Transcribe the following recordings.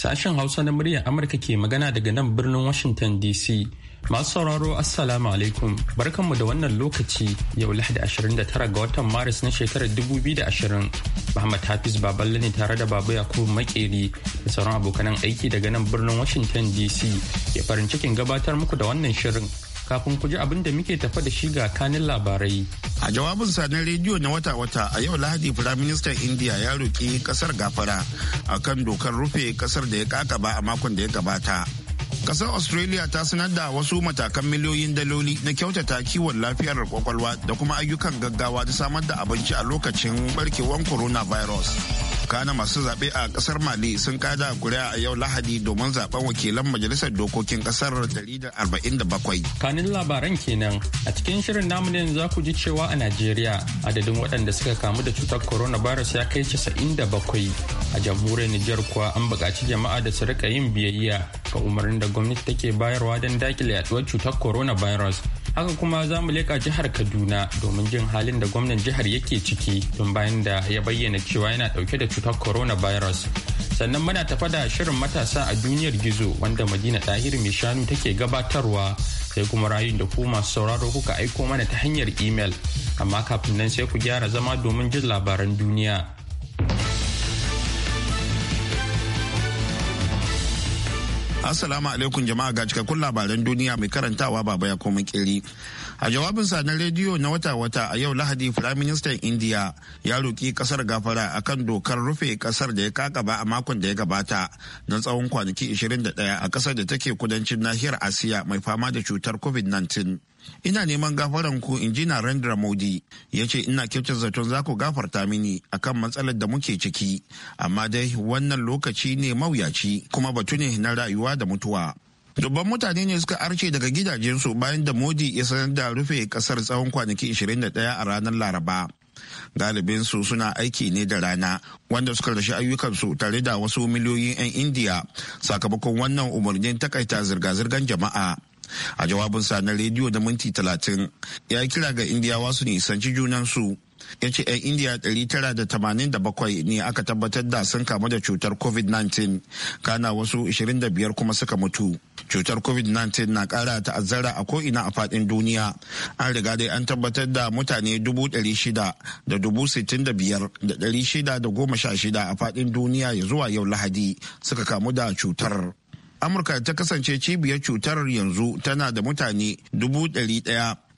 Sashen Hausa na muryar Amurka ke magana daga nan birnin Washington DC. Masu sauraro Assalamu alaikum barkanmu da wannan lokaci yau Lahadi 29 ga watan Maris na shekarar 2020. Muhammad Hafiz Baballe ne tare da Baba Yakubu Makeri da sauran abokanan aiki daga nan birnin Washington DC ke farin cikin gabatar muku da wannan shirin kafin ku ji abin da muke tafa da shi ga kanin labarai. A jawabin sa na rediyo na wata-wata a yau Lahadi Firaministan India ya roƙi ƙasar gafara a kan dokar rufe ƙasar da ya kakaba a makon da ya gabata. Ƙasar Australia ta sanar da wasu matakan miliyoyin daloli na kyautata kiwon lafiyar kwakwalwa da kuma ayyukan gaggawa da samar da abinci a lokacin barkewar coronavirus. na masu zaɓe a ƙasar mali sun kada kuri'a a yau lahadi domin zaben wakilan majalisar dokokin ƙasar 147 kanin labaran kenan a cikin shirin namu ne za ku ji cewa a najeriya adadin waɗanda suka kamu da cutar coronavirus ya kai 97 a jamhuriyar nijar kuwa an buƙaci jama'a da su rika yin biyayya ga umarnin da gwamnati take bayarwa don dakile yaduwar cutar coronavirus haka kuma za mu leƙa jihar kaduna domin jin halin da gwamnan jihar yake ciki tun bayan da ya bayyana cewa yana ɗauke da cutar coronavirus sannan muna tafa da shirin matasa a duniyar gizo wanda madina ɗahir mai shanu take gabatarwa sai kuma rayun da ku masu sauraro kuka aiko mana ta hanyar imel amma kafin nan sai ku gyara zama domin jin labaran duniya Assalamu alaikum jama'a ga cikakkun labaran duniya mai karantawa baba ya koma kiri. A jawabinsa na rediyo na wata-wata a yau Lahadi Firaministan India, ya roki ƙasar gafara akan dokar rufe ƙasar da ya kakaba a makon da ya gabata na tsawon kwanaki 21 a ƙasar da take kudancin nahiyar Asiya mai fama da cutar COVID-19. Ina neman gafaran ku in ji Narendra Modi ya ce ina kyautar zaton za ku gafarta mini akan matsalar da muke ciki amma dai wannan lokaci ne mawuyaci kuma batu ne na rayuwa da mutuwa. dubban mutane ne suka arce daga gidajensu bayan da modi ya sanar da rufe kasar tsawon kwanaki 21 a ranar laraba galibinsu suna aiki ne da rana wanda suka rashi ayyukansu tare da wasu miliyoyin 'yan indiya sakamakon wannan umarnin takaita zirga-zirgar jama'a a jawabinsa na rediyo da minti 30 ya kira ga indiyawa su nisanci junansu ya ce 'yan indiya 987 ne aka tabbatar da sun kamu da cutar covid-19 kana wasu 25 kuma suka mutu cutar covid-19 na kara ta'azzara a ko'ina a fadin duniya an riga dai an tabbatar da mutane 665,616 a fadin duniya ya zuwa yau lahadi suka kamu da cutar amurka ta kasance cibiyar cutar yanzu tana da mutane dubu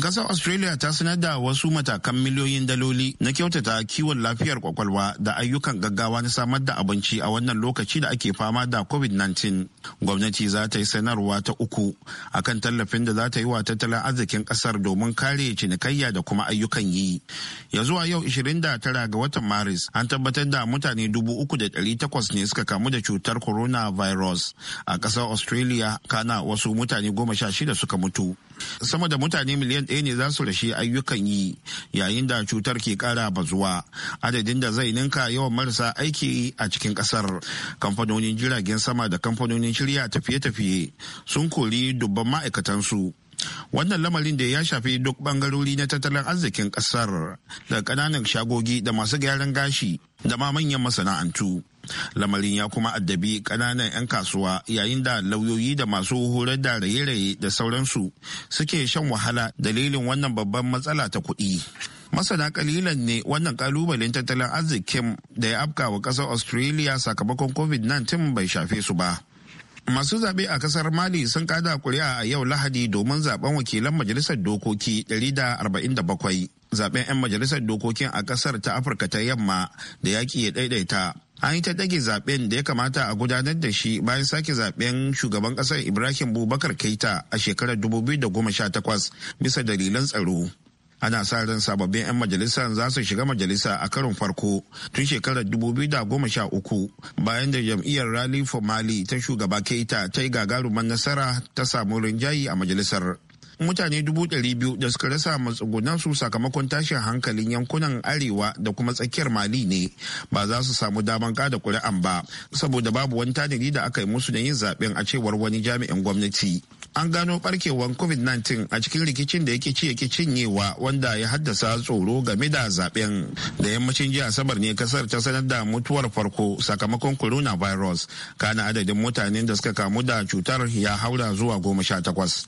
Ƙasar Australia ta sanar da wasu matakan miliyoyin daloli na kyautata kiwon lafiyar kwakwalwa da ayyukan gaggawa na samar da abinci a wannan lokaci da ake fama da COVID-19. Gwamnati za ta yi sanarwa ta uku akan tallafin da za ta yi wa tattalin arzikin ƙasar domin kare cinikayya da kuma ayyukan yi. Ya zuwa yau 29 ga watan Maris an tabbatar da mutane 3,800 ne suka kamu da cutar coronavirus a ƙasar Australia kana wasu mutane 16 suka mutu. sama da mutane miliyan ɗaya ne za su rashe ayyukan yi yayin da cutar ke ƙara bazuwa adadin da zai ninka yawan marasa aiki a cikin ƙasar kamfanonin jiragen sama da kamfanonin shirya tafiye-tafiye sun kori dubban ma'aikatansu wannan lamarin da ya shafi duk bangarori na tattalin arzikin ƙasar da ƙananan shagogi da masu gyaran gashi da ma manyan masana'antu lamarin ya kuma addabi kananan 'yan kasuwa yayin da lauyoyi da masu horar da raye-raye da sauransu suke shan wahala dalilin wannan babban matsala ta kuɗi masana kalilan ne wannan kalubalen tattalin arzikin da ya afka wa ƙasar australia sakamakon covid-19 bai shafe su ba masu zaɓe a ƙasar mali sun kada kuri'a a yau lahadi domin zaben wakilan majalisar dokoki 147 zaben 'yan majalisar dokokin a ƙasar ta afirka ta yamma da yaƙi ya ɗaiɗaita an yi ta ɗage zaben da ya kamata a gudanar da shi bayan sake zaben shugaban ƙasar ibrahim bubakar keita a shekarar 2018 bisa dalilan tsaro ana sa ran sababbin 'yan majalisa za su shiga majalisa a karon farko tun shekarar 2013 bayan da jam'iyyar rally for mali ta shugaba keita ta yi gagarumar nasara ta samu rinjayi a majalisar mutane dubu ɗari biyu da suka rasa matsugunansu sakamakon tashin hankalin yankunan arewa da kuma tsakiyar mali ne ba za su samu daman kada kuri'an ba saboda babu wani tanadi da aka yi musu da yin zaɓen a cewar wani jami'in gwamnati an gano barkewar covid-19 a cikin rikicin da yake ci yake cinyewa wanda ya haddasa tsoro game da zaben da yammacin jiya asabar ne kasar ta sanar da mutuwar farko sakamakon coronavirus kana adadin mutanen da suka kamu da cutar ya haura zuwa goma sha takwas.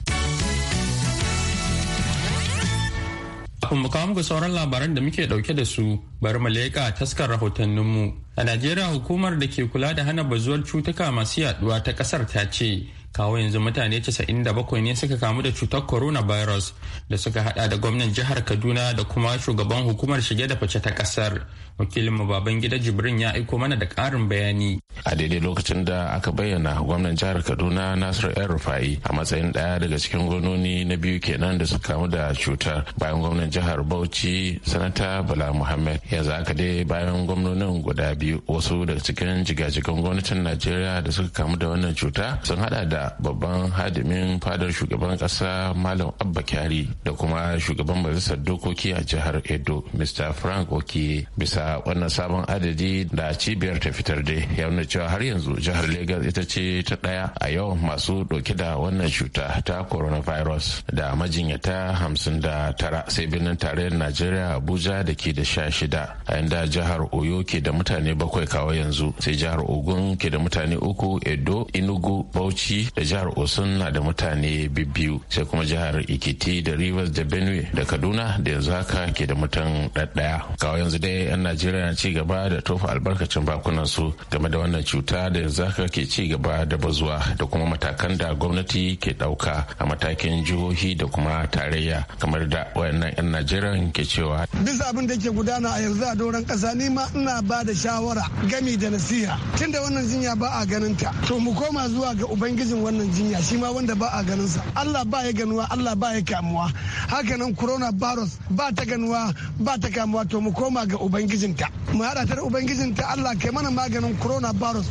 Kafin mu kawo muku sauran labaran da muke dauke da su bari mu leƙa taskar rahotanninmu. A Najeriya hukumar da ke kula da hana bazuwar cutuka masu yaduwa ta kasar ta ce kawo yanzu mutane 97 ne suka kamu da cutar coronavirus da suka hada da gwamnan jihar kaduna da kuma shugaban hukumar shige da fice ta kasar wakilinmu baban gida jibrin ya aiko mana da karin bayani a daidai lokacin da aka bayyana gwamnan jihar kaduna nasir yan rufai a matsayin daya daga cikin gononi na biyu kenan da suka kamu da cutar bayan gwamnan jihar bauchi sanata bala muhammad yanzu aka dai bayan gwamnonin guda biyu wasu daga cikin jigajigan gwamnatin najeriya da suka kamu da wannan cuta sun hada da da babban hadimin fadar shugaban kasa malam abba kyari da kuma shugaban majalisar dokoki a jihar edo mr frank oki bisa wannan sabon adadi da cibiyar ta fitar da ya nuna cewa har yanzu jihar Legas ita ce ta daya a yau masu dauke da wannan cuta ta coronavirus da majinyata hamsin da tara sai birnin tarayyar najeriya abuja da ke da sha shida a yanda jihar oyo ke da mutane bakwai kawai yanzu sai jihar ogun ke da mutane uku edo inugu bauchi da jihar osun na da mutane biyu sai kuma jihar ikiti da rivers da benue da kaduna da yanzu haka ke da mutum ɗaɗɗaya kawo yanzu dai yan najeriya na ci gaba da tofa albarkacin bakunan su game da wannan cuta da yanzu haka ke cigaba da bazuwa da kuma matakan da gwamnati ke ɗauka a matakin jihohi da kuma tarayya kamar da wayannan yan najeriya ke cewa bisa abin da ke gudana a yanzu a doron ƙasa ni ma ina ba da shawara gami da nasiha tunda wannan jinya ba a ganin ta to mu koma zuwa ga ubangijin wannan jinya shi ma wanda ba a ganin sa Allah ba ya ganuwa Allah ba ya kamuwa hakanan corona virus ba ta ganuwa ba ta kamuwa to mu koma ga ubangijinta mu hada ta ubangijinta Allah kai mana maganin corona virus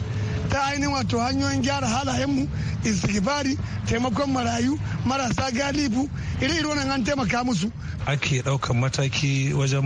ta ainihin wato hanyoyin gyara halayenmu istighfari taimakon marayu marasa galibu iri iri wannan an taimaka musu ake ɗaukan mataki wajen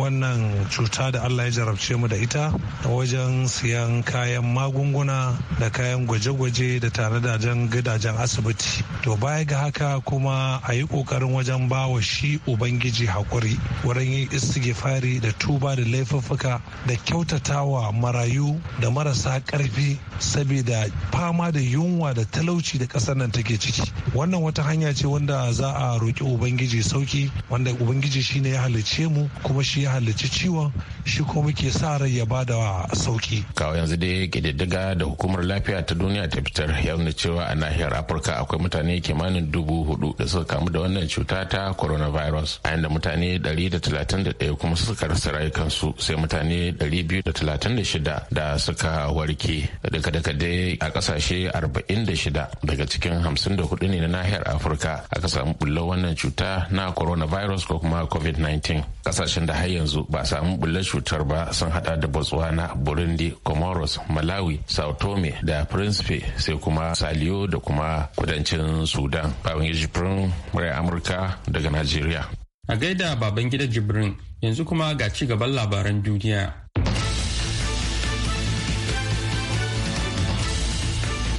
wannan cuta da allah ya jarabce mu da ita wajen siyan kayan magunguna da kayan gwaje-gwaje da tare da jan gidajen asibiti to baya ga haka kuma a yi ƙoƙarin wajen bawa shi ubangiji hakuri wurin yin istighfari da tuba da laifuffuka da kyautatawa marayu da marasa karfi saboda fama da yunwa da talauci da ƙasar nan take ciki wannan wata hanya ce wanda za a roƙi ubangiji sauki wanda ubangiji shi ne ya halicce mu kuma shi ya halicci ciwon shi kuma muke sa rai ya bada sauki kawo yanzu dai kididdiga da hukumar lafiya ta duniya ta fitar ya nuna cewa a nahiyar afirka akwai mutane kimanin dubu hudu da suka kamu da wannan cuta ta coronavirus a yanda mutane 131 kuma suka rasa rayukansu sai mutane 236 da suka warke daga dai a kasashe 46 daga cikin 54 ne na nahiyar afirka aka samu bullo wannan cuta na coronavirus ko kuma covid-19 kasashen da har yanzu ba samu bullo cutar ba sun hada da botswana burundi comoros malawi sao tome da principe sai kuma saliyo da kuma kudancin sudan babin ejibirin murai amurka daga najeriya a gaida baban gida jibrin yanzu kuma ga ci gaban labaran duniya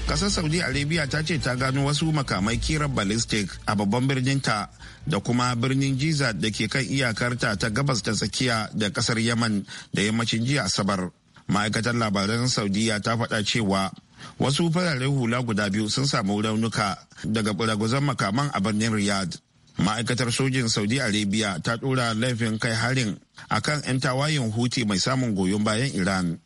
kasar saudi arabia ta ce ta gano wasu makamai kirar ballistic a babban birninta da kuma birnin jiza da ke kan iyakarta ta gabas ta tsakiya da kasar yaman da yammacin jiya asabar ma'aikatar labaran saudiya ta faɗa cewa wasu fararen hula guda biyu sun samu raunuka daga ɓuraguzan makaman a birnin riyad ma'aikatar sojin saudi arabia ta ɗora laifin kai harin akan 'yan tawayen huti mai samun goyon bayan iran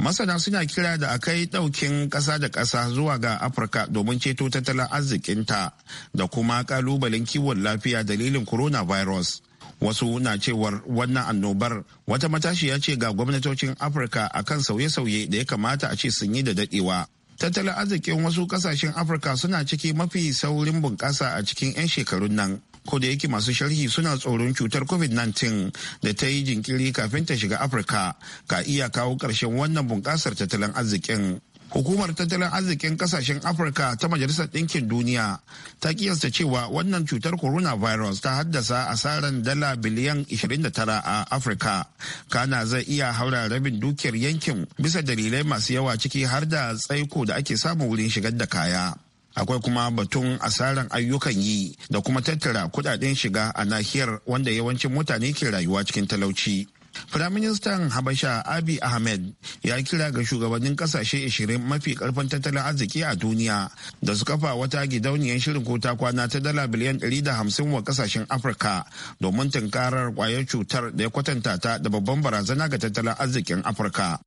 masana suna kira da akai daukin kasa da kasa zuwa ga afirka domin ceto tattalin arzikinta da kuma kalubalen kiwon lafiya dalilin coronavirus wasu na cewar wannan annobar wata matashiya ce ga gwamnatocin afirka akan sauye-sauye da ya kamata a ce sun yi da dadewa tattalin arzikin wasu kasashen afirka suna ciki mafi saurin bunƙasa a cikin 'yan shekarun nan ko da yake masu sharhi suna tsoron cutar covid-19 da ta yi jinkiri kafin ta shiga afirka ka iya kawo ƙarshen wannan bunƙasar tattalin arzikin hukumar tattalin arzikin kasashen afirka ta majalisar ɗinkin duniya ta kiyasta cewa wannan cutar coronavirus ta haddasa asaran dala biliyan 29 a afirka kana zai iya haura rabin dukiyar yankin bisa dalilai masu yawa ciki har da tsaiko da ake samun wurin shigar da kaya akwai kuma batun asaran ayyukan yi da kuma tattara kudaden shiga a nahiyar wanda yawancin mutane ke rayuwa cikin talauci Firaministan Habasha abi Ahmed ya kira ga shugabannin kasashe 20 mafi karfin tattalin arziki a duniya da su kafa wata gidauniyar shirin ko ta kwana ta dala biliyan 150 wa kasashen Afirka domin tunkarar kwayar cutar da ya kwatanta ta da babban barazana ga tattalin arzikin Afirka.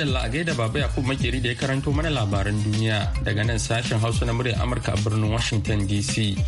adalla a gaida Baba Yakub Makeri da ya karanto mana labaran duniya daga nan sashen Hausa na muryar Amurka a birnin Washington DC.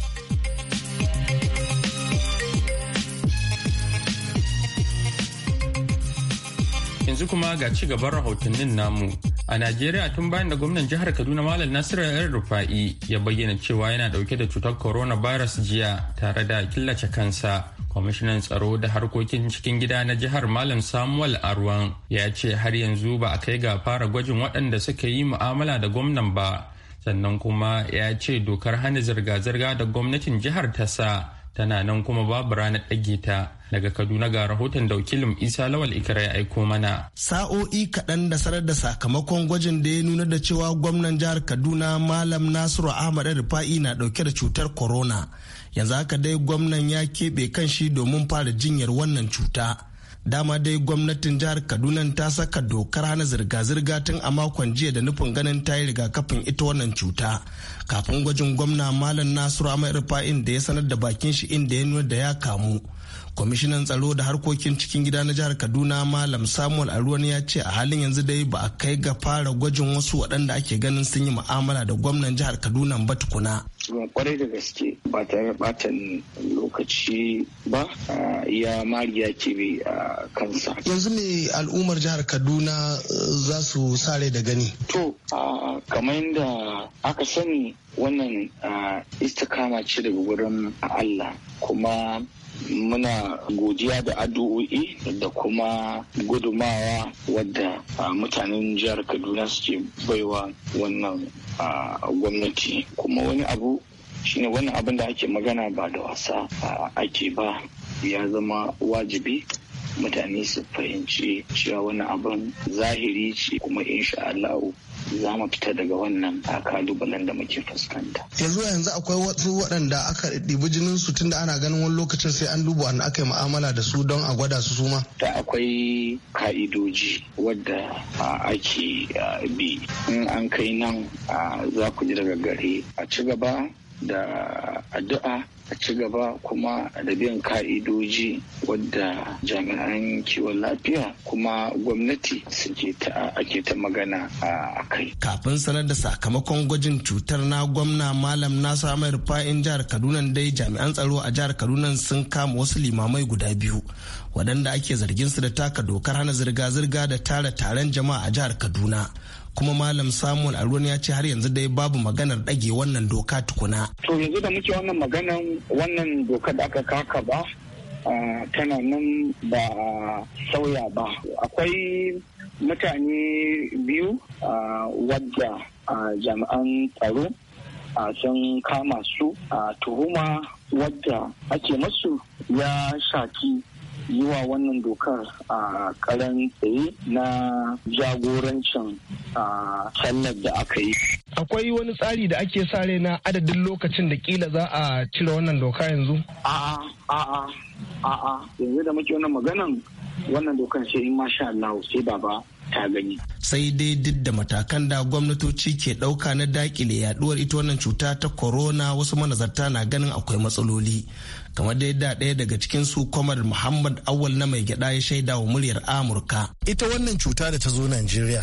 Yanzu kuma ga ci gaban rahotannin namu. A Najeriya tun bayan da gwamnan jihar Kaduna Malam Nasiru El Rufa'i ya bayyana cewa yana dauke da cutar coronavirus jiya tare da killace kansa. kwamishinan tsaro da harkokin cikin gida na jihar malam samuel arwan ya ce har yanzu ba a kai ga fara gwajin waɗanda suka yi mu'amala da gwamnan ba sannan kuma ya ce dokar hana zirga-zirga da gwamnatin jihar ta sa tana nan kuma babu ranar ɗage ta daga kaduna ga rahoton da wakilin isa lawal ikira ya aiko mana sa'o'i kaɗan da sanar da sakamakon gwajin da ya nuna da cewa gwamnan jihar kaduna malam nasiru ahmad rufa'i na ɗauke da cutar corona yanzu haka dai gwamnan ya keɓe kan shi domin fara jinyar wannan cuta dama dai gwamnatin jihar kaduna ta saka dokar hana zirga-zirga tun a makon jiya da nufin ganin ta yi rigakafin ita wannan cuta kafin gwajin gwamna malam nasiru amai rufa'in da ya sanar da bakin shi inda ya nuna da ya kamu kwamishinan tsaro da harkokin cikin gida na jihar kaduna malam samuel aruwan ya ce a halin yanzu dai ba a kai ga fara gwajin wasu waɗanda ake ganin sun yi mu'amala da gwamnan jihar kaduna ba tukuna kuma kwarai da gaske ba tare batan lokaci ba ya mariya ke bi a kansa yanzu me al'ummar jihar kaduna e, za su sare da gani to kamar yadda aka sani wannan istikama ce daga wurin allah kuma muna godiya da addu'o'i da kuma gudumawa wadda mutanen jihar kaduna suke baiwa wannan gwamnati kuma wani abu shine wannan abin da ake magana ba da wasa ake ba ya zama wajibi mutane su fahimci cewa wani abin zahiri ce kuma insha Allah za mu fita daga wannan kalubalen da muke fuskanta. yanzu yanzu akwai wasu waɗanda aka ɗibi jinin su tunda ana ganin wani lokacin sai an duba wanda aka yi mu'amala da su don a gwada su suma. Da akwai ka'idoji wadda ake bi in an kai nan za ku ji daga gare a ci gaba da addu'a a ci gaba kuma da bin ka'idoji wadda jami'an kiwon lafiya kuma gwamnati suke ta ake ta magana a kai. Kafin sanar da sakamakon gwajin cutar na gwamna malam na samar rufa'in jihar Kaduna dai jami'an tsaro a jihar Kaduna sun kama wasu limamai guda biyu waɗanda ake zargin su da taka dokar hana zirga-zirga da tara taron jama'a a jihar Kaduna. kuma malam samun aruwan ya ce har yanzu dai babu maganar ɗage wannan doka tukuna to yanzu da muke wannan maganan wannan doka da aka kaka ba tana nan ba sauya ba akwai mutane biyu wadda jami'an tsaro sun kama su tuhuma wadda ake masu ya shaki yi wa wannan dokar a karan tsaye na jagorancin sallar da aka yi akwai wani tsari da ake sa rai na adadin lokacin da kila za a cire wannan doka yanzu a'a a a yanzu da muke wannan maganan wannan dokar sai in masha Allah sai baba ta gani sai dai duk da matakan da gwamnatoci ke ɗauka na dakile yaduwar ita wannan cuta ta corona wasu manazarta na ganin akwai matsaloli kamar da yadda ɗaya daga cikin su kwamar muhammad awal na mai gyada ya shaida wa muryar amurka ita wannan cuta da ta zo nigeria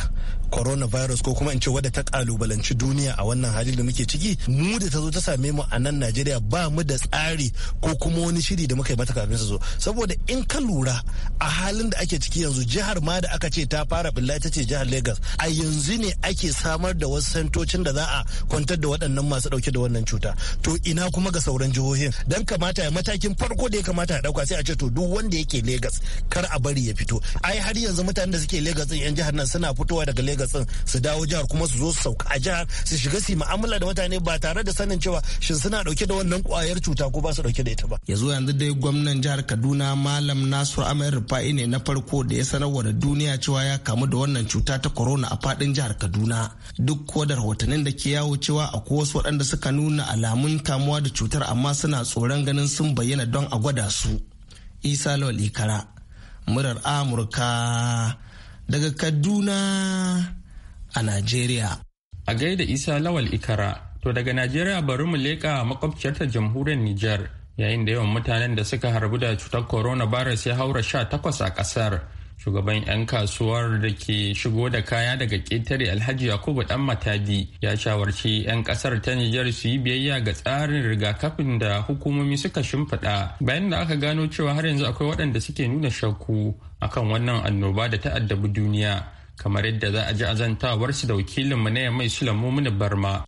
coronavirus ko kuma in ce wadda ta kalubalanci duniya a wannan hali da muke ciki mu da ta zo ta same mu a nan nigeria ba mu da tsari ko kuma wani shiri da muka yi mata kafin su zo saboda in ka lura a halin da ake ciki yanzu jihar ma da aka ce ta fara billa ta ce jihar Legas a yanzu ne ake samar da wasu santocin da za a kwantar da waɗannan masu ɗauke da wannan cuta to ina kuma ga sauran jihohin dan kamata ya matakin farko da ya kamata ya ɗauka sai a ce to duk wanda yake Legas kar a bari ya fito ai har yanzu mutanen da suke Legas din yan jihar nan suna fitowa daga Legas din su dawo jihar kuma su zo su sauka a jihar su shiga su mu'amala da mutane ba tare da sanin cewa shin suna ɗauke da wannan kwayar cuta ko ba su ɗauke da ita ba ya yanzu dai gwamnan jihar Kaduna malam Nasiru Amir Rufa'i ne na farko da ya sanarwa da duniya cewa ya kamu da wannan cuta ta corona a fadin jihar kaduna duk kuwa da rahotannin da ke yawo cewa akwai wasu waɗanda suka nuna alamun kamuwa da cutar amma suna tsoron ganin sun bayyana don a gwada su isa lawal ikara murar amurka daga kaduna a nigeria. a gaida isa lawal ikara to daga nigeria bari mu leƙa makwabciyar ta jamhuriyar niger yayin da yawan mutanen da suka harbu da cutar coronavirus ya haura sha takwas a ƙasar shugaban 'yan kasuwar da ke shigo da kaya daga ƙetare alhaji yakubu dan matadi ya shawarci 'yan kasar ta nijar su yi biyayya ga tsarin rigakafin da hukumomi suka shimfiɗa bayan da aka gano cewa har yanzu akwai waɗanda suke nuna shakku akan wannan annoba da ta addabi duniya kamar yadda za a ji azantawar su da wakilinmu na su lamu mini barma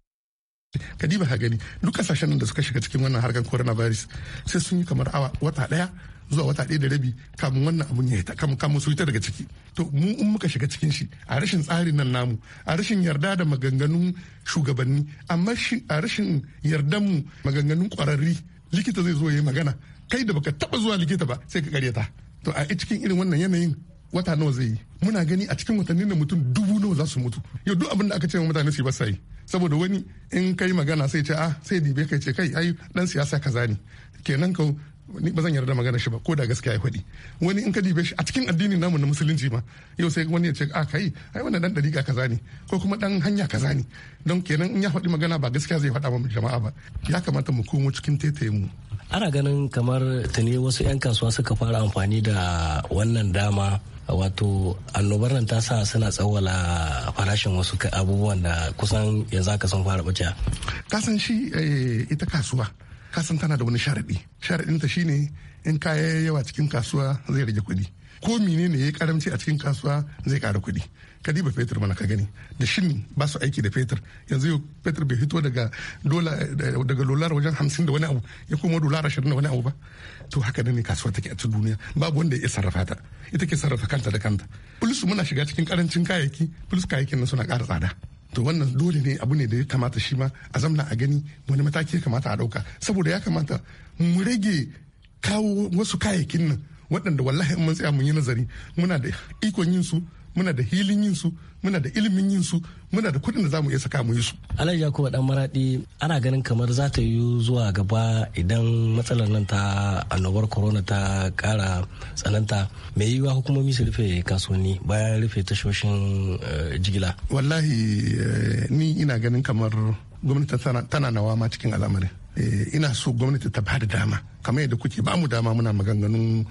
kadiba ka gani duk kasashen da suka shiga cikin wannan harkar coronavirus sai sun yi kamar awa wata daya zuwa wata ɗaya da rabi kamun wannan abun ya hita kamun kamun su ita daga ciki to mu in muka shiga cikin shi a rashin tsarin nan namu a rashin yarda da maganganun shugabanni amma a rashin yardan mu maganganun kwararri likita zai zo ya yi magana kai da baka taba zuwa likita ba sai ka karyata to a cikin irin wannan yanayin wata nawa zai yi muna gani a cikin watanni da mutum dubu nawa za su mutu yau duk abin da aka ce wa mutane su yi basa yi saboda wani in kai magana sai ce a ah, sai dibe kai ce kai ai dan siyasa kaza ne kenan kau ni bazan yarda magana shi ba ko da gaskiya ya faɗi wani in ka dibe shi a cikin addini namu na musulunci ma yau sai wani ya ce a ah, kai ai wannan dan dariƙa kaza ne ko kuma dan hanya kaza ne don kenan in ya faɗi magana ba gaskiya zai faɗa ma jama'a ba ya kamata mu komo cikin tetaye mu ana ganin kamar tuni wasu 'yan kasuwa suka fara amfani da wannan dama wato annobar nan ta sa suna tsawala farashin wasu abubuwan da kusan yanzu aka sun fara bace kasan shi eh, ita kasuwa kasan tana da wani sharaɗi sharaɗinta shine in kaya yawa cikin kasuwa zai rage kuɗi ko ne ya karamci a cikin kasuwa zai kara kuɗi ka diba fetur mana ka gani da shin ba su aiki da fetur yanzu fetur bai fito daga dola daga dolar wajen hamsin da wani abu ya kuma dolar ashirin da wani abu ba to haka ne kasuwa take a cikin duniya babu wanda ya sarrafa ta ita ke sarrafa kanta da kanta plus muna shiga cikin karancin kayayyaki plus kayayyakin nan suna ƙara tsada to wannan dole ne abu ne da ya kamata shi ma a zamna a gani wani mataki ya kamata a ɗauka saboda ya kamata mu rage kawo wasu kayayyakin nan waɗanda wallahi mun tsaya mun yi nazari muna da ikon yin su muna da hilin yin su muna da ilimin yin su muna da kuɗin da za mu iya saka mu yi su. Alhaji ɗan dan Maradi ana ganin kamar za ta yi zuwa gaba idan matsalar nan ta annobar corona ta kara tsananta mai yiwuwa hukumomi su rufe kasuwanni bayan rufe tashoshin eh, jigila. Wallahi eh, ni ina ganin kamar gwamnati tana nawa ma cikin al'amarin. Eh, ina so gwamnati ta bada dama kamar yadda kuke ba mu dama muna maganganun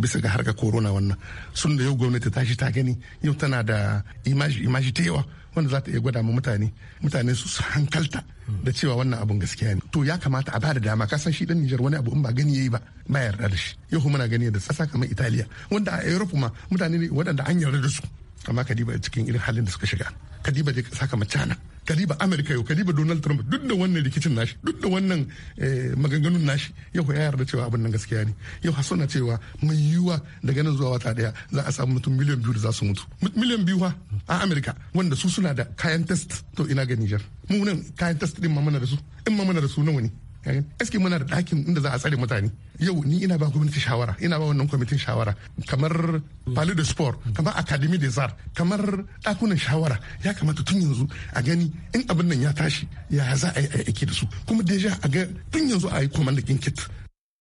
bisa ga harkar corona wannan sun da yau gwamnati ta shi ta gani yau tana da imaji ta yawa wanda za ta iya gwada ma mutane mutane su hankalta da cewa wannan abun gaskiya ne to ya kamata a bada dama kasan shi dan Nijar wani abu in ba gani yayi ba ba yarda da shi yau muna gani da tsasa kamar Italiya wanda a Europe ma mutane ne waɗanda an yarda da su amma kadiba cikin irin halin da suka shiga kadiba dai kasa kamar China kaliba amerika yau kaliba donald trump duk da wannan rikicin nashi duk da wannan eh, maganganun nashi yau ya yarda cewa abin nan gaskiya ne yau haso na cewa mai yiwuwa daga nan zuwa wata daya za a samu mutum miliyan biyu da za su mutu miliyan biyu ha a amerika wanda su suna da kayan test to ina ga niger mu nan kayan test din ma mana da su in ma mana da su nawa ne eski muna da ɗakin inda za a tsare mutane yau ni ina ba gwamnati shawara ina ba wannan kwamitin shawara kamar palu de sport kamar academy de zar kamar ɗakunan shawara ya kamata tun yanzu a gani in abin nan ya tashi ya za a yi aiki da su kuma deja a ga tun yanzu a yi command kit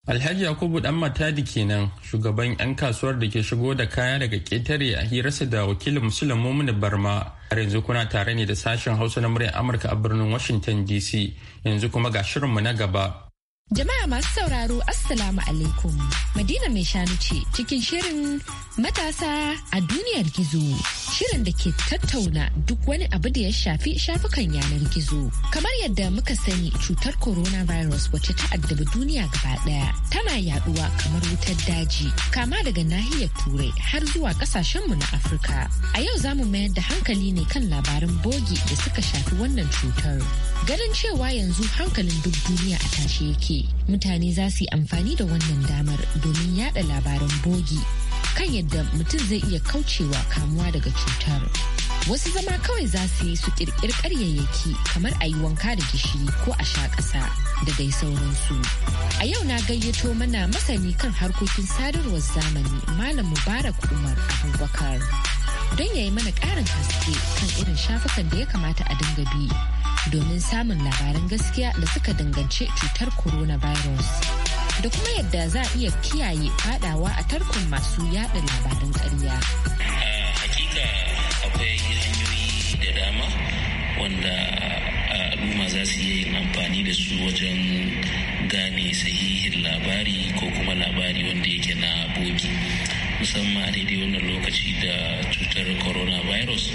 Alhaji Yakubu Dan Matadi kenan shugaban 'yan kasuwar da ke shigo da kaya daga ƙetare a hirarsa da wakilin Musulun Mumunu Barma. Har yanzu kuna tare ne da sashen Hausa na muryar Amurka a birnin Washington DC. Yanzu kuma ga shirinmu na gaba. Jama'a masu sauraro Assalamu alaikum. Madina mai shanu ce cikin shirin matasa a duniyar gizo. Shirin da ke tattauna duk wani abu da ya shafi shafukan yanar gizo. Kamar yadda muka sani cutar coronavirus wacce ta addabi duniya gaba daya tana yaduwa kamar wutar daji kama daga nahiyar turai har zuwa kasashenmu na Afirka. A yau za mu mayar da hankali ne kan labarin bogi da suka shafi wannan cutar. Ganin cewa yanzu hankalin duk duniya a tashe yake mutane za su yi amfani da wannan damar domin yada labaran bogi kan yadda mutum zai iya kaucewa kamuwa daga cutar. Wasu zama kawai za su yi su kirkir karyayyaki kamar a yi wanka da gishiri ko a sha ƙasa da dai sauransu. A yau na gayyato mana masani kan harkokin sadarwar zamani Malam Mubarak Umar Abubakar. Don ya yi mana ƙarin haske kan irin shafukan da ya kamata a dinga bi domin samun labaran gaskiya da suka danganci cutar coronavirus. Da kuma yadda za a iya kiyaye fadawa a tarkon masu yada labaran ƙarya. Hakika akwai hanyoyi da dama wanda al'umma za su iya amfani da su wajen gane sahihin labari ko kuma labari wanda yake na bogi musamman a daidai wannan lokaci da cutar coronavirus.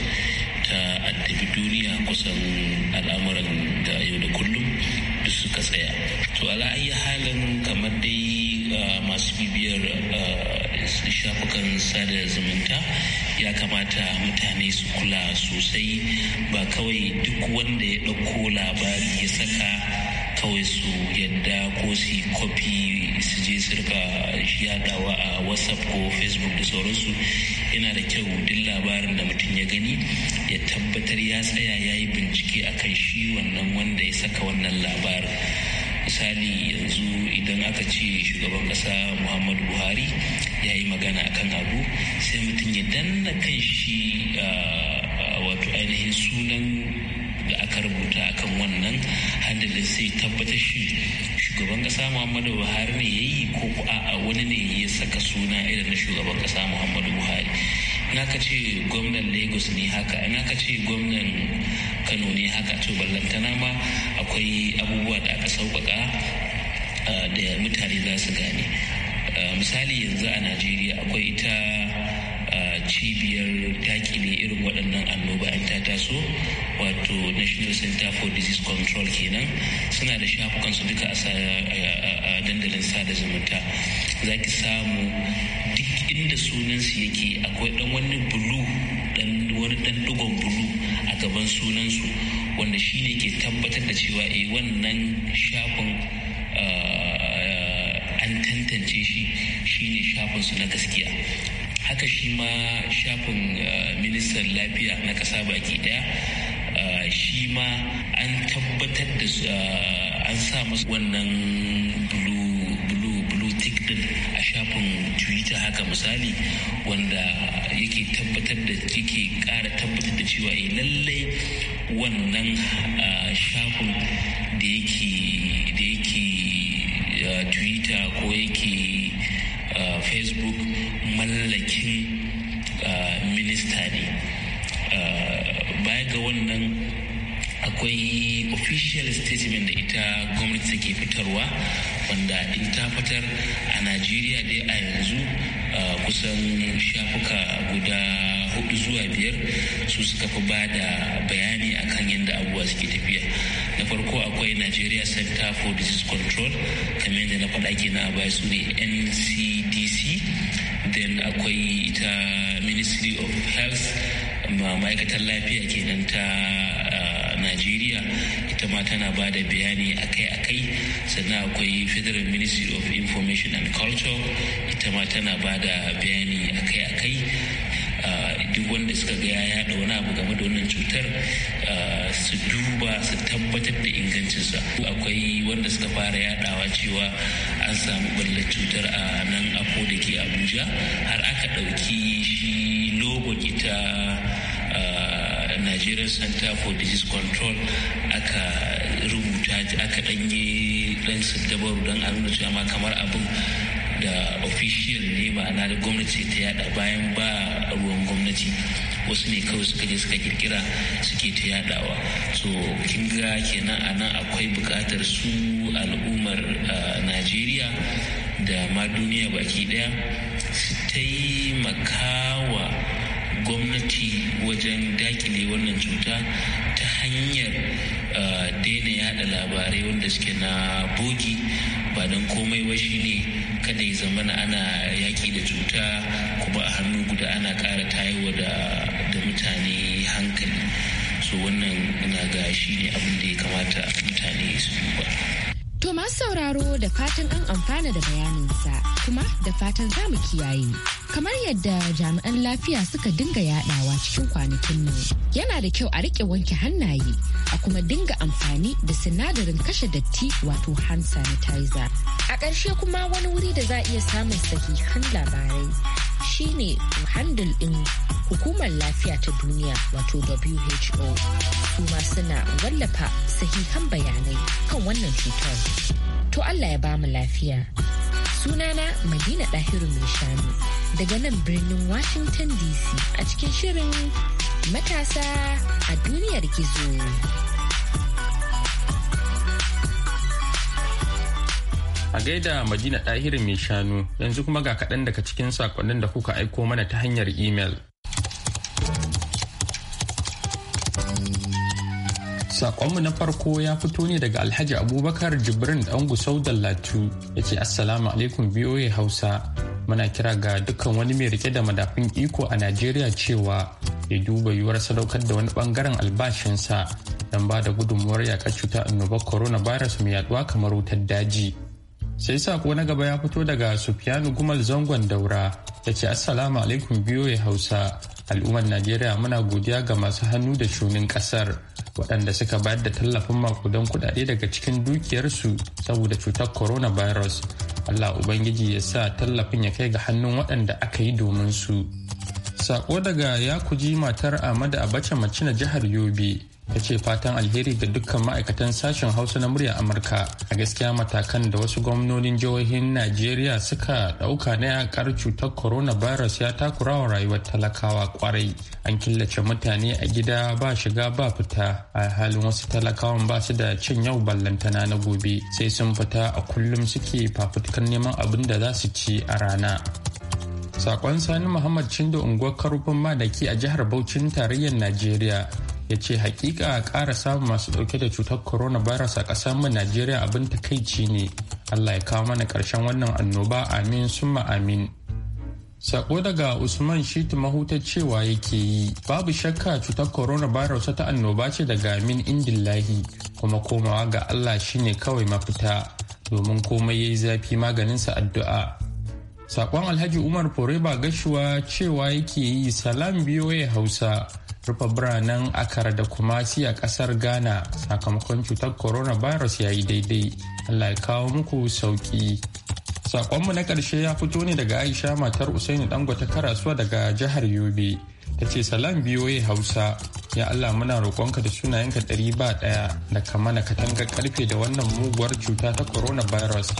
ta addabi duniya kusan al'amuran da yau da kullum duk suka tsaya to ala halin kamar dai masu bibiyar shafukan sada zumunta ya kamata mutane su kula sosai ba kawai duk wanda ya ɗauko labari ya saka kawai su yadda ko su kofi su je su rika yadawa a whatsapp ko facebook da sauransu yana da kyau duk labarin da mutum ya gani ya tabbatar ya tsaya ya yi bincike a kan shi wannan wanda ya saka wannan labarin misali yanzu idan aka ce shugaban kasa muhammadu buhari ya yi magana a kan abu sai mutum ya danna kan shi ah, ah, wato ainihin sunan ka rubuta akan wannan da sai tabbatar shi shugaban kasa muhammadu buhari ne ya yi ko a wani ne ya saka suna irin na shugaban kasa muhammadu buhari na ka ce gwamnan lagos ne haka na ka ce gwamnan kano ne haka to ballantana ma akwai abubuwa da aka sauƙaƙa ah, da mutane za su gane ah, misali yanzu a najeriya akwai ita cibiyar dakile irin waɗannan annoba an ta taso wato national center for disease control kenan suna da shafukansu duka a dandalin sada zumunta za ki samu duk inda sunansu yake akwai dan wani bulu wani dan dugon bulu a gaban sunansu wanda shine ke tabbatar da cewa eh wannan shafin ah, an tantance shi shine shafinsu na gaskiya haka shi ma shafin eh, ministan lafiya na ƙasa baki daya eh, shi ma an tabbatar da eh, an sa masu wannan blue tick din a shafin twitter haka misali wanda yake tabbatar da yake kara tabbatar da cewa eh lallai wannan shafin da yake twitter ko yake facebook mallakin minista ne baya ga wannan akwai official statement da ita gwamnati ke fitarwa wanda in ta fitar a najeriya dai a yanzu kusan shafuka guda hudu zuwa biyar su suka fi ba da bayani akan yadda abubuwa suke tafiya na farko akwai nigeria center for disease control kamar yadda na faɗa kenan a baya su ne nc cdc then akwai ita ministry of health ma'aikatar lafiya kenan ta ah, najeriya ita ma tana ba da bayani akai-akai sannan akwai federal ministry of information and culture ita ma tana ba da bayani akai-akai ah, duk wanda suka ga ya yada wani abu game da wannan cutar ah, su duba su tabbatar da ingancinsa akwai wanda suka fara yadawa cewa an samu ɓallar cutar a nan ako da ke abuja har aka ɗauki shi logo ita nigerian center for disease control aka rubuta aka ɗanye ɗan dabaru don a nuna cewa kamar abin da official ne ma'ana da gwamnati ta yada bayan ba ruwan gwamnati wasu ne kawai suka je suka kirkira suke ta yadawa so kin ga kenan a nan akwai bukatar su al'ummar najeriya da ma duniya baki daya su taimakawa gwamnati wajen dakile wannan cuta ta hanyar daina yada labarai wanda suke na bogi ba don komai washi ne kada ya zama ana yaki da cuta kuma a hannu guda ana ƙara tayowa da mutane hankali so wannan na ga shi ne abin da ya kamata mutane su duba. To masu sauraro da fatan an amfana da bayaninsa kuma da fatan za mu kiyaye. Kamar yadda jami'an lafiya suka dinga yaɗawa cikin kwanakin nan yana da kyau a riƙe wanke hannaye a kuma dinga amfani da sinadarin kashe datti wato hand sanitizer. A ƙarshe kuma wani wuri da za a iya samun sahihan labarai shine handle din hukumar lafiya ta duniya wato who kuma suna wallafa sahihan bayanai kan wannan cutar to allah ya bamu lafiya sunana madina ɗahiru mai shanu daga nan birnin washington dc a cikin shirin matasa a duniyar gizo. A gaida Madina Ɗahirin mai shanu yanzu kuma ga kaɗan daga cikin sakonnin da kuka aiko mana ta hanyar imel. Sakonmu na farko ya fito ne daga Alhaji Abubakar Jibrin gusau da Latu ya ce Assalamu alaikum BOA Hausa. Muna kira ga dukkan wani mai rike da madafin iko a Najeriya cewa ya duba yiwuwar sadaukar da wani bangaren albashinsa don ba da gudunmuwar yakar cuta annobar coronavirus mai yaduwa kamar wutar daji. sai sako na gaba ya fito daga sufiyanu gumal zangon daura ya ce assalamu alaikum ya hausa al'ummar najeriya muna godiya ga masu hannu da shunin kasar waɗanda suka bayar da tallafin makudan kuɗaɗe daga cikin dukiyarsu saboda cutar coronavirus allah ubangiji ya sa tallafin ya kai ga hannun waɗanda aka yi domin su sako daga ya kuji matar ahmadu abacha mace na jihar yobe ta ce fatan alheri ga dukkan ma'aikatan sashen hausa na muryar amurka a gaskiya matakan da wasu gwamnonin jihohin najeriya suka dauka na yakar cutar corona virus ya takura wa rayuwar talakawa kwarai an killace mutane a gida ba shiga ba fita a halin wasu talakawan ba su da cin yau ballantana na gobe sai sun fita a kullum suke fafutukar neman abin da za su ci a rana sakon sani muhammad cindo unguwar karufin madaki a jihar Bauchin tarayyar najeriya ya ce hakika ƙara samun masu dauke da cutar coronavirus a ƙasar mu najeriya abin takaici ne allah ya kawo mana karshen wannan annoba amin summa amin sako daga usman shitu mahuta cewa yake yi babu shakka cutar coronavirus ta annoba ce daga amin indillahi kuma komawa ga allah shine kawai mafita domin komai ya yi zafi sa addu'a sakon alhaji umar foreba gashuwa cewa yake yi salam biyoye hausa rufe biranen akara da kumasi a kasar ghana sakamakon cutar coronavirus ya yi daidai allah ya kawo muku sauki sakonmu na karshe ya fito ne daga aisha matar usaini dangote karasuwa daga jihar yobe ta ce salam biyoye hausa ya allah muna roƙonka da sunayenka ɗari ba ɗaya da kama na katanga karfe da wannan muguwar cuta ta coronavirus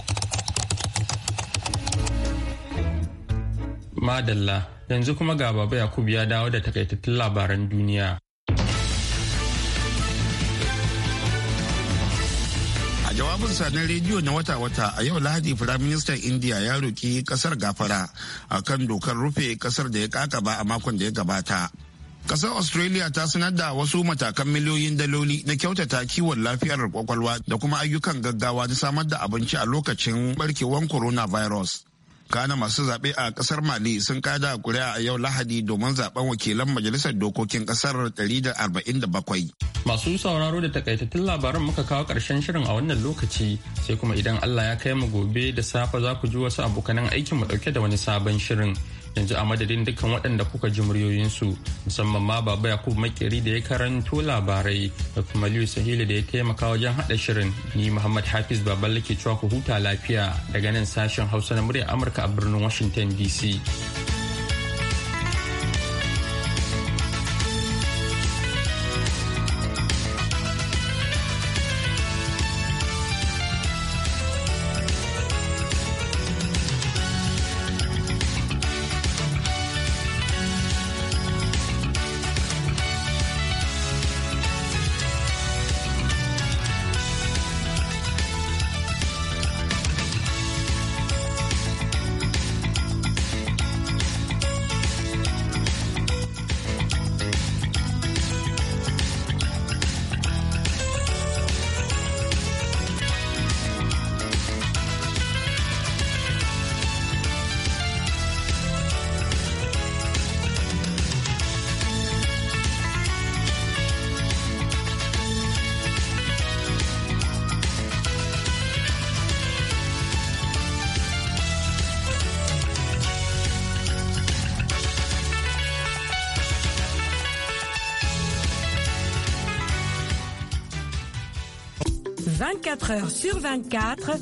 madalla yanzu kuma ga baba yakubu ya dawo da takaitattun labaran duniya a jawabin sanin rediyo na wata-wata a yau lahadi firaministan indiya ya roki kasar gafara a kan dokar rufe kasar da ya ba a makon da ya gabata Kasar Australia ta sanar da wasu matakan miliyoyin daloli na kyautata kiwon lafiyar kwakwalwa da kuma ayyukan gaggawa na samar da abinci a lokacin barkewar coronavirus. kana masu zaɓe a ƙasar mali sun kada kuri'a a yau lahadi domin zaben wakilan majalisar dokokin ƙasar 147 masu sauraro da takaitattun labaran muka kawo ƙarshen shirin a wannan lokaci sai kuma idan allah ya kai mu gobe da safe za ku ji wasu abokanan aikin mu ɗauke da wani sabon shirin yanzu a madadin dukkan waɗanda kuka ji muryoyinsu musamman ma baba yakub makeri da ya karanto labarai da kuma liyu sahili da ya taimaka wajen haɗa shirin ni muhammad hafiz baban lake cewa ku huta lafiya daga nan sashen hausa na murya amurka a birnin washington dc 24 heures sur 24